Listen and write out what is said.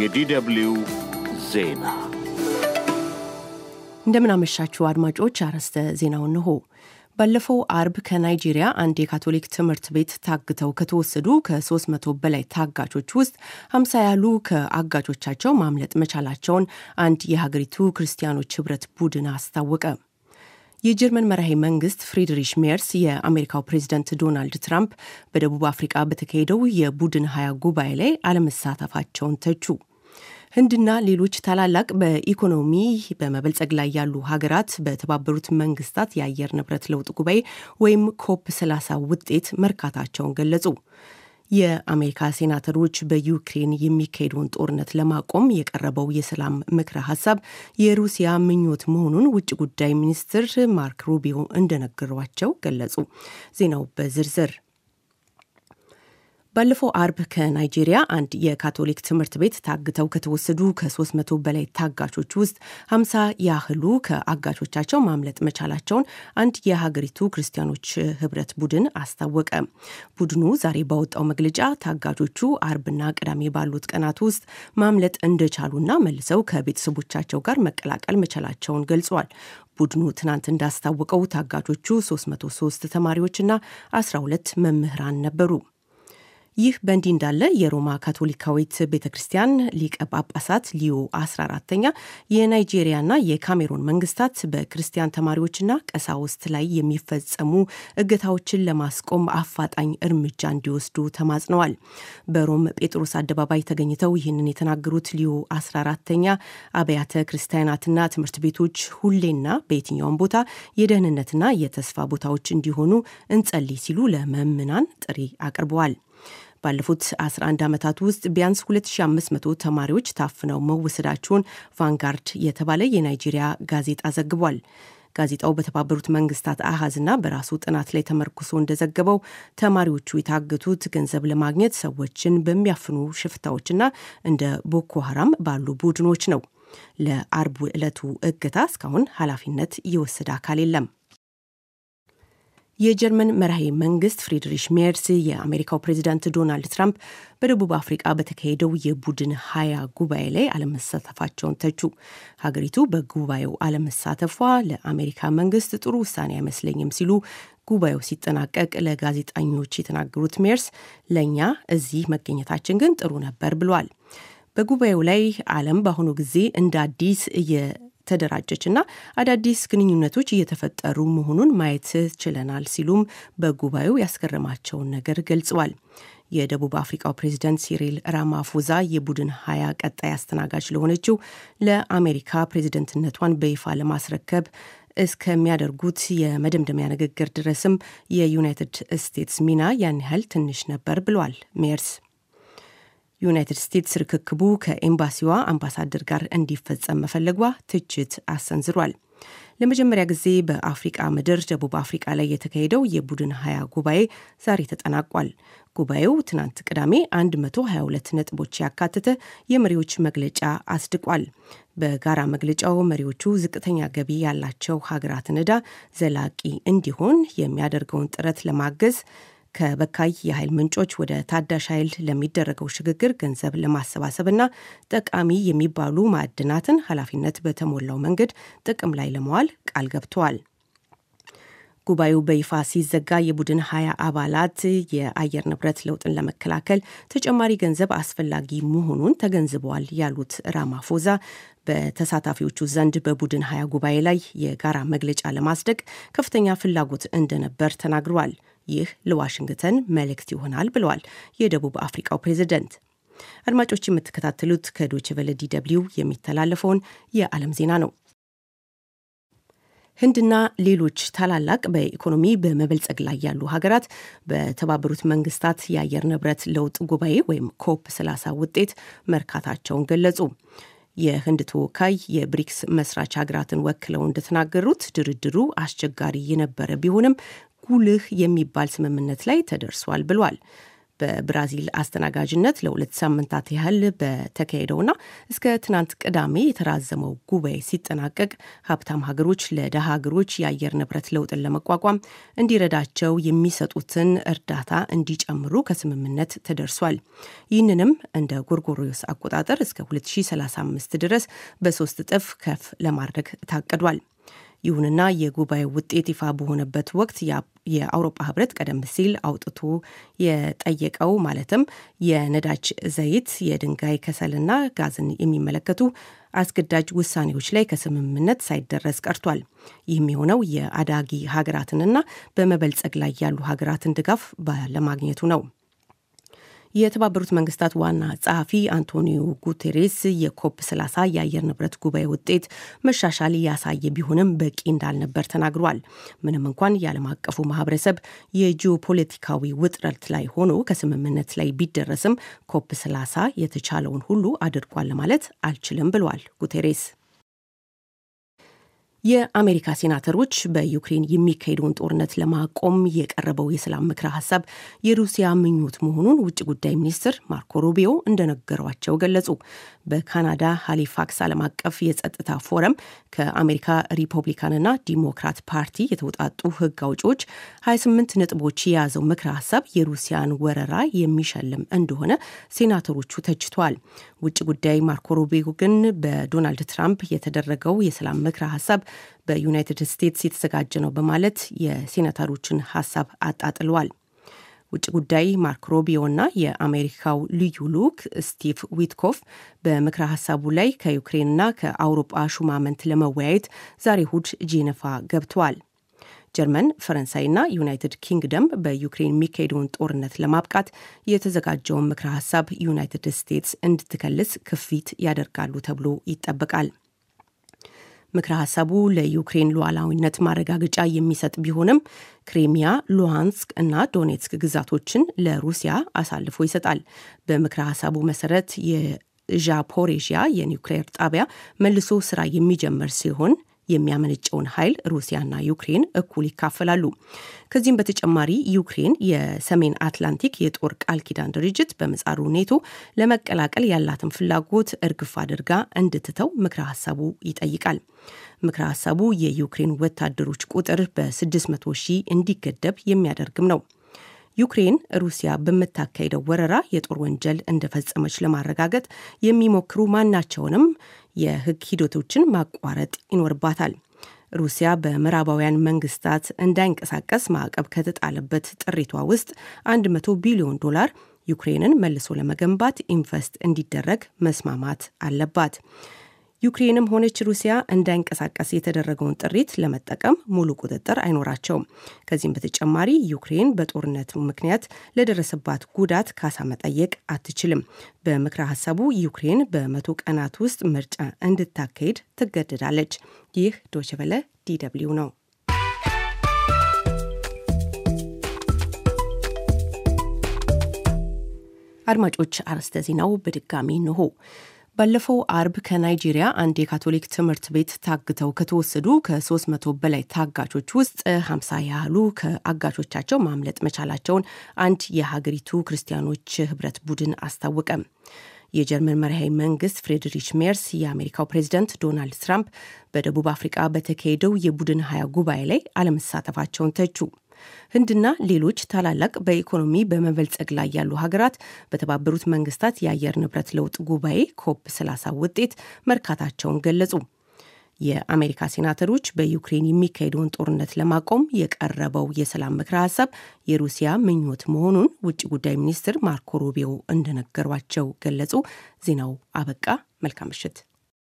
የዲደብሊው ዜና እንደምናመሻችሁ አድማጮች፣ አርዕስተ ዜናው እንሆ። ባለፈው አርብ ከናይጄሪያ አንድ የካቶሊክ ትምህርት ቤት ታግተው ከተወሰዱ ከ300 በላይ ታጋቾች ውስጥ 50 ያሉ ከአጋቾቻቸው ማምለጥ መቻላቸውን አንድ የሀገሪቱ ክርስቲያኖች ህብረት ቡድን አስታወቀ። የጀርመን መራሄ መንግስት ፍሪድሪሽ ሜርስ የአሜሪካው ፕሬዚደንት ዶናልድ ትራምፕ በደቡብ አፍሪቃ በተካሄደው የቡድን ሀያ ጉባኤ ላይ አለመሳተፋቸውን ተቹ። ህንድና ሌሎች ታላላቅ በኢኮኖሚ በመበልጸግ ላይ ያሉ ሀገራት በተባበሩት መንግስታት የአየር ንብረት ለውጥ ጉባኤ ወይም ኮፕ 30 ውጤት መርካታቸውን ገለጹ። የአሜሪካ ሴናተሮች በዩክሬን የሚካሄደውን ጦርነት ለማቆም የቀረበው የሰላም ምክረ ሀሳብ የሩሲያ ምኞት መሆኑን ውጭ ጉዳይ ሚኒስትር ማርክ ሩቢዮ እንደነገሯቸው ገለጹ። ዜናው በዝርዝር ባለፈው አርብ ከናይጄሪያ አንድ የካቶሊክ ትምህርት ቤት ታግተው ከተወሰዱ ከ300 በላይ ታጋቾች ውስጥ 50 ያህሉ ከአጋቾቻቸው ማምለጥ መቻላቸውን አንድ የሀገሪቱ ክርስቲያኖች ህብረት ቡድን አስታወቀ። ቡድኑ ዛሬ ባወጣው መግለጫ ታጋቾቹ አርብና ቅዳሜ ባሉት ቀናት ውስጥ ማምለጥ እንደቻሉና መልሰው ከቤተሰቦቻቸው ጋር መቀላቀል መቻላቸውን ገልጿል። ቡድኑ ትናንት እንዳስታወቀው ታጋቾቹ 303 ተማሪዎችና 12 መምህራን ነበሩ። ይህ በእንዲህ እንዳለ የሮማ ካቶሊካዊት ቤተ ክርስቲያን ሊቀ ጳጳሳት ሊዮ 14ተኛ የናይጄሪያና የካሜሩን መንግስታት በክርስቲያን ተማሪዎችና ቀሳውስት ላይ የሚፈጸሙ እገታዎችን ለማስቆም አፋጣኝ እርምጃ እንዲወስዱ ተማጽነዋል። በሮም ጴጥሮስ አደባባይ ተገኝተው ይህንን የተናገሩት ሊዮ 14ተኛ አብያተ ክርስቲያናትና ትምህርት ቤቶች ሁሌና በየትኛውም ቦታ የደህንነትና የተስፋ ቦታዎች እንዲሆኑ እንጸልይ ሲሉ ለመምናን ጥሪ አቅርበዋል። ባለፉት 11 ዓመታት ውስጥ ቢያንስ 2500 ተማሪዎች ታፍነው መወሰዳቸውን ቫንጋርድ የተባለ የናይጄሪያ ጋዜጣ ዘግቧል። ጋዜጣው በተባበሩት መንግስታት አሃዝና በራሱ ጥናት ላይ ተመርኩሶ እንደዘገበው ተማሪዎቹ የታገቱት ገንዘብ ለማግኘት ሰዎችን በሚያፍኑ ሽፍታዎችና እንደ ቦኮ ሀራም ባሉ ቡድኖች ነው። ለአርቡ ዕለቱ እገታ እስካሁን ኃላፊነት የወሰደ አካል የለም። የጀርመን መራሄ መንግስት ፍሪድሪሽ ሜርስ፣ የአሜሪካው ፕሬዚዳንት ዶናልድ ትራምፕ በደቡብ አፍሪቃ በተካሄደው የቡድን ሀያ ጉባኤ ላይ አለመሳተፋቸውን ተቹ። ሀገሪቱ በጉባኤው አለመሳተፏ ለአሜሪካ መንግስት ጥሩ ውሳኔ አይመስለኝም ሲሉ ጉባኤው ሲጠናቀቅ ለጋዜጠኞች የተናገሩት ሜርስ ለእኛ እዚህ መገኘታችን ግን ጥሩ ነበር ብሏል። በጉባኤው ላይ አለም በአሁኑ ጊዜ እንደ አዲስ ተደራጀች እና አዳዲስ ግንኙነቶች እየተፈጠሩ መሆኑን ማየት ችለናል ሲሉም በጉባኤው ያስገረማቸውን ነገር ገልጸዋል። የደቡብ አፍሪካው ፕሬዚደንት ሲሪል ራማፎዛ የቡድን ሀያ ቀጣይ አስተናጋጅ ለሆነችው ለአሜሪካ ፕሬዝደንትነቷን በይፋ ለማስረከብ እስከሚያደርጉት የመደምደሚያ ንግግር ድረስም የዩናይትድ ስቴትስ ሚና ያን ያህል ትንሽ ነበር ብሏል ሜርስ። ዩናይትድ ስቴትስ ርክክቡ ከኤምባሲዋ አምባሳደር ጋር እንዲፈጸም መፈለጓ ትችት አሰንዝሯል። ለመጀመሪያ ጊዜ በአፍሪቃ ምድር ደቡብ አፍሪቃ ላይ የተካሄደው የቡድን ሀያ ጉባኤ ዛሬ ተጠናቋል። ጉባኤው ትናንት ቅዳሜ 122 ነጥቦች ያካተተ የመሪዎች መግለጫ አስድቋል። በጋራ መግለጫው መሪዎቹ ዝቅተኛ ገቢ ያላቸው ሀገራትን ዕዳ ዘላቂ እንዲሆን የሚያደርገውን ጥረት ለማገዝ ከበካይ የኃይል ምንጮች ወደ ታዳሽ ኃይል ለሚደረገው ሽግግር ገንዘብ ለማሰባሰብና ጠቃሚ የሚባሉ ማዕድናትን ኃላፊነት በተሞላው መንገድ ጥቅም ላይ ለመዋል ቃል ገብተዋል። ጉባኤው በይፋ ሲዘጋ የቡድን ሀያ አባላት የአየር ንብረት ለውጥን ለመከላከል ተጨማሪ ገንዘብ አስፈላጊ መሆኑን ተገንዝበዋል ያሉት ራማፎዛ በተሳታፊዎቹ ዘንድ በቡድን ሀያ ጉባኤ ላይ የጋራ መግለጫ ለማስደቅ ከፍተኛ ፍላጎት እንደነበር ተናግረዋል። ይህ ለዋሽንግተን መልእክት ይሆናል ብለዋል የደቡብ አፍሪካው ፕሬዝደንት። አድማጮች የምትከታተሉት ከዶችቨለ ቨለ የሚተላለፈውን የዓለም ዜና ነው። ህንድና ሌሎች ታላላቅ በኢኮኖሚ በመበልጸግ ላይ ያሉ ሀገራት በተባበሩት መንግስታት የአየር ንብረት ለውጥ ጉባኤ ወይም ኮፕ 30 ውጤት መርካታቸውን ገለጹ። የህንድ ተወካይ የብሪክስ መስራች ሀገራትን ወክለው እንደተናገሩት ድርድሩ አስቸጋሪ የነበረ ቢሆንም ጉልህ የሚባል ስምምነት ላይ ተደርሷል ብሏል። በብራዚል አስተናጋጅነት ለሁለት ሳምንታት ያህል በተካሄደውና እስከ ትናንት ቅዳሜ የተራዘመው ጉባኤ ሲጠናቀቅ ሀብታም ሀገሮች ለደሃ ሀገሮች የአየር ንብረት ለውጥን ለመቋቋም እንዲረዳቸው የሚሰጡትን እርዳታ እንዲጨምሩ ከስምምነት ተደርሷል። ይህንንም እንደ ጎርጎሮስ አቆጣጠር እስከ 2035 ድረስ በሶስት እጥፍ ከፍ ለማድረግ ታቅዷል። ይሁንና የጉባኤው ውጤት ይፋ በሆነበት ወቅት የአውሮፓ ህብረት ቀደም ሲል አውጥቶ የጠየቀው ማለትም የነዳጅ ዘይት፣ የድንጋይ ከሰልና ጋዝን የሚመለከቱ አስገዳጅ ውሳኔዎች ላይ ከስምምነት ሳይደረስ ቀርቷል። ይህም የሆነው የአዳጊ ሀገራትንና በመበልጸግ ላይ ያሉ ሀገራትን ድጋፍ ለማግኘቱ ነው። የተባበሩት መንግስታት ዋና ጸሐፊ አንቶኒዮ ጉቴሬስ የኮፕ 30 የአየር ንብረት ጉባኤ ውጤት መሻሻል ያሳየ ቢሆንም በቂ እንዳልነበር ተናግሯል። ምንም እንኳን የዓለም አቀፉ ማህበረሰብ የጂኦፖለቲካዊ ውጥረት ላይ ሆኖ ከስምምነት ላይ ቢደረስም ኮፕ 30 የተቻለውን ሁሉ አድርጓል ለማለት አልችልም ብሏል ጉቴሬስ። የአሜሪካ ሴናተሮች በዩክሬን የሚካሄደውን ጦርነት ለማቆም የቀረበው የሰላም ምክረ ሀሳብ የሩሲያ ምኞት መሆኑን ውጭ ጉዳይ ሚኒስትር ማርኮ ሩቢዮ እንደነገሯቸው ገለጹ። በካናዳ ሃሊፋክስ ዓለም አቀፍ የጸጥታ ፎረም ከአሜሪካ ሪፐብሊካንና ዲሞክራት ፓርቲ የተውጣጡ ህግ አውጪዎች 28 ነጥቦች የያዘው ምክረ ሀሳብ የሩሲያን ወረራ የሚሸልም እንደሆነ ሴናተሮቹ ተችቷል። ውጭ ጉዳይ ማርኮ ሩቢዮ ግን በዶናልድ ትራምፕ የተደረገው የሰላም ምክረ ሀሳብ በዩናይትድ ስቴትስ የተዘጋጀ ነው በማለት የሴነተሮችን ሀሳብ አጣጥለዋል። ውጭ ጉዳይ ማርክ ሮቢዮና የአሜሪካው ልዩ ልዑክ ስቲቭ ዊትኮፍ በምክረ ሀሳቡ ላይ ከዩክሬንና ከአውሮጳ ሹማምንት ለመወያየት ዛሬ እሁድ ጄኔቫ ገብተዋል። ጀርመን፣ ፈረንሳይና ዩናይትድ ኪንግደም በዩክሬን የሚካሄደውን ጦርነት ለማብቃት የተዘጋጀውን ምክረ ሀሳብ ዩናይትድ ስቴትስ እንድትከልስ ክፊት ያደርጋሉ ተብሎ ይጠበቃል። ምክረ ሀሳቡ ለዩክሬን ሉዓላዊነት ማረጋገጫ የሚሰጥ ቢሆንም ክሪሚያ፣ ሉሃንስክ እና ዶኔትስክ ግዛቶችን ለሩሲያ አሳልፎ ይሰጣል። በምክረ ሀሳቡ መሰረት የዣፖሬዥያ የኒውክሌር ጣቢያ መልሶ ስራ የሚጀምር ሲሆን የሚያመነጨውን ኃይል ሩሲያና ዩክሬን እኩል ይካፈላሉ። ከዚህም በተጨማሪ ዩክሬን የሰሜን አትላንቲክ የጦር ቃል ኪዳን ድርጅት በምጻሩ ኔቶ ለመቀላቀል ያላትን ፍላጎት እርግፍ አድርጋ እንድትተው ምክረ ሀሳቡ ይጠይቃል። ምክረ ሀሳቡ የዩክሬን ወታደሮች ቁጥር በ600 ሺህ እንዲገደብ የሚያደርግም ነው። ዩክሬን ሩሲያ በምታካሄደው ወረራ የጦር ወንጀል እንደፈጸመች ለማረጋገጥ የሚሞክሩ ማናቸውንም የህግ ሂደቶችን ማቋረጥ ይኖርባታል። ሩሲያ በምዕራባውያን መንግስታት እንዳይንቀሳቀስ ማዕቀብ ከተጣለበት ጥሪቷ ውስጥ 100 ቢሊዮን ዶላር ዩክሬንን መልሶ ለመገንባት ኢንቨስት እንዲደረግ መስማማት አለባት። ዩክሬንም ሆነች ሩሲያ እንዳይንቀሳቀስ የተደረገውን ጥሪት ለመጠቀም ሙሉ ቁጥጥር አይኖራቸውም። ከዚህም በተጨማሪ ዩክሬን በጦርነት ምክንያት ለደረሰባት ጉዳት ካሳ መጠየቅ አትችልም። በምክረ ሀሳቡ ዩክሬን በመቶ ቀናት ውስጥ ምርጫ እንድታካሄድ ትገደዳለች። ይህ ዶችቨለ ዲደብሊው ነው። አድማጮች፣ አርዕስተ ዜናው በድጋሚ እንሆ ባለፈው አርብ ከናይጄሪያ አንድ የካቶሊክ ትምህርት ቤት ታግተው ከተወሰዱ ከ300 በላይ ታጋቾች ውስጥ 50 ያህሉ ከአጋቾቻቸው ማምለጥ መቻላቸውን አንድ የሀገሪቱ ክርስቲያኖች ህብረት ቡድን አስታወቀም። የጀርመን መርሃዊ መንግስት ፍሬድሪች ሜርስ የአሜሪካው ፕሬዚደንት ዶናልድ ትራምፕ በደቡብ አፍሪቃ በተካሄደው የቡድን ሀያ ጉባኤ ላይ አለመሳተፋቸውን ተቹ። ህንድና ሌሎች ታላላቅ በኢኮኖሚ በመበልጸግ ላይ ያሉ ሀገራት በተባበሩት መንግስታት የአየር ንብረት ለውጥ ጉባኤ ኮፕ 30 ውጤት መርካታቸውን ገለጹ። የአሜሪካ ሴናተሮች በዩክሬን የሚካሄደውን ጦርነት ለማቆም የቀረበው የሰላም ምክረ ሀሳብ የሩሲያ ምኞት መሆኑን ውጭ ጉዳይ ሚኒስትር ማርኮ ሩቢዮ እንደነገሯቸው ገለጹ። ዜናው አበቃ። መልካም ምሽት።